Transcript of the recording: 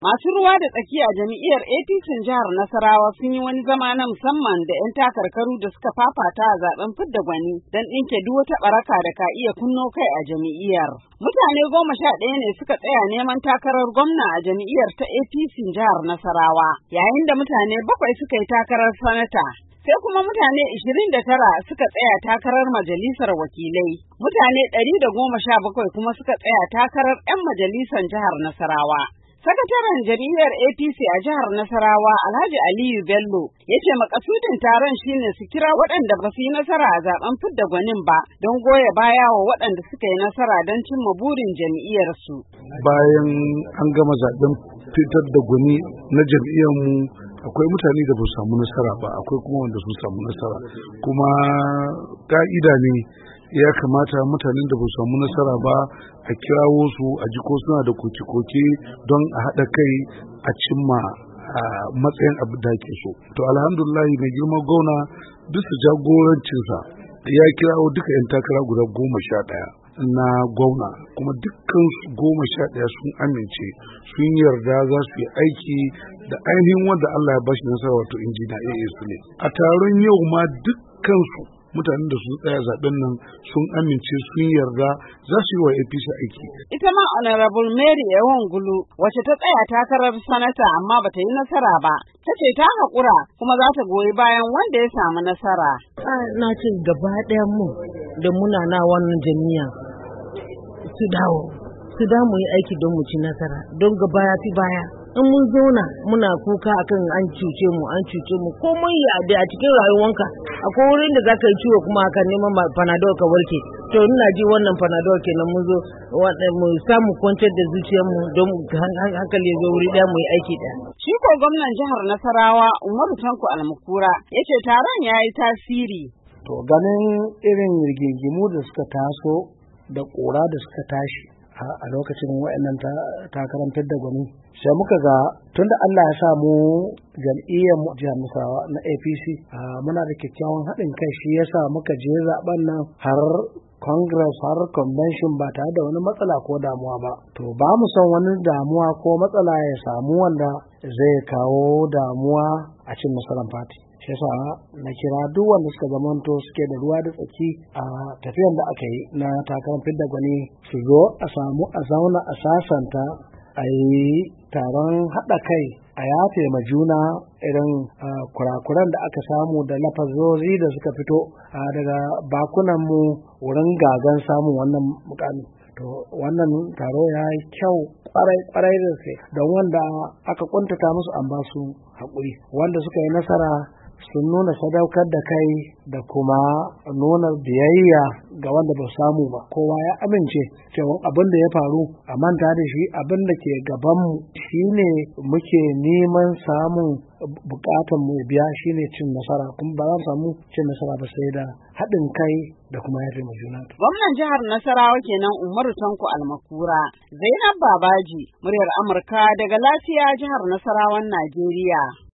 Masu ruwa da tsaki a jami'iyar APC jihar Nasarawa sun yi wani zama na musamman da 'yan takarkaru da suka fafata a zaben fidda gwani don ɗinke duk wata baraka da ka iya kunno kai a jami'iyar. Mutane goma sha ɗaya ne suka tsaya neman takarar gwamna a jami'iyar ta APC jihar Nasarawa, yayin da mutane bakwai suka yi takarar sanata. sai kuma mutane da tara suka tsaya takarar majalisar wakilai mutane ɗari da goma sha bakwai kuma suka tsaya takarar 'yan majalisar jihar nasarawa Sakataren jam'iyyar APC a jihar Nasarawa Alhaji Aliyu Bello ya ce makasudin taron shine su kira waɗanda ba su yi nasara a zaben fidda gwanin ba don goya baya wa waɗanda suka yi nasara don cimma burin jam'iyyarsu. Bayan an gama zaben fitar da gwani na mu akwai mutane da ba su samu nasara ba akwai kuma wanda sun samu nasara kuma ka'ida ne ya kamata mutanen da ba samu nasara ba a kirawo su a jiko suna da koke-koke don a haɗa kai a cimma a matsayin abu da ke so to alhamdulahi mai girma gona su jagorancinsa ya kirawo duka 'yan takara guda goma sha ɗaya na gwamna kuma dukkan goma sha ɗaya sun amince sun yarda za su yi aiki da ainihin wanda Allah ya bashi nasara wato injina su ne. A taron yau ma dukkan su mutanen da sun tsaya zaben nan sun amince sun yarda za su yi wa APC aiki. Ita ma Honorable Mary gulu wacce ta tsaya takarar sanata amma ba ta yi nasara ba. Ta ce ta haƙura kuma za ta goyi bayan wanda ya samu nasara. Ah, na ce gaba ɗaya mu da muna na wannan jami'a su dawo. Su damu yi aiki don mu ci nasara don gaba ya fi baya. in mun zauna muna kuka akan an cuce mu an cuce mu komai ya da a cikin rayuwanka akwai wurin da zaka yi ciwo kuma akan neman panadol ka warke to ina ji wannan panadol kenan mun zo mu samu kwantar da zuciyarmu don hankali ya zo wuri daya mu yi aiki daya shi ko gwamnan jihar Nasarawa Umaru Tanko Almukura yace taron ya yi tasiri to ganin irin rigingimu da suka taso da ƙura da suka tashi a lokacin wa'annan ta karantar da gwani sai muka ga tunda Allah ya samu jam'iyyar mu jami'awa na APC muna da kyakkyawan haɗin kai shi yasa muka je zaɓen nan har congress har convention ba tare da wani matsala ko damuwa ba to ba mu son wani damuwa ko matsala ya samu wanda zai kawo damuwa a cin musulun fati shi yasa na kira duk wanda suka zamanta suke da ruwa da tsaki a tafiyar da aka yi na takarar fidda gwani su zo a samu a zauna a sasanta a yi taron haɗa kai a yafe ma juna irin kurakuran da aka samu da lafazozi da suka fito daga bakunanmu wurin gagan samun wannan mukami to wannan taro ya yi kyau kwarai-kwarai da sai don wanda aka kuntata musu an ba su haƙuri wanda suka yi nasara sun nuna sadaukar da kai da kuma nuna biyayya ga wanda ba samu ba kowa ya amince cewa abin da ya faru a manta da shi abin da ke gabanmu shine muke neman samun bukatan mu biya shine cin nasara kuma ba za mu samu cin nasara ba sai da haɗin kai da kuma yafe mu juna. Gwamnan jihar Nasarawa kenan Umaru Tanko Almakura, Zainab Babaji, muryar Amurka daga lafiya jihar Nasarawan Najeriya.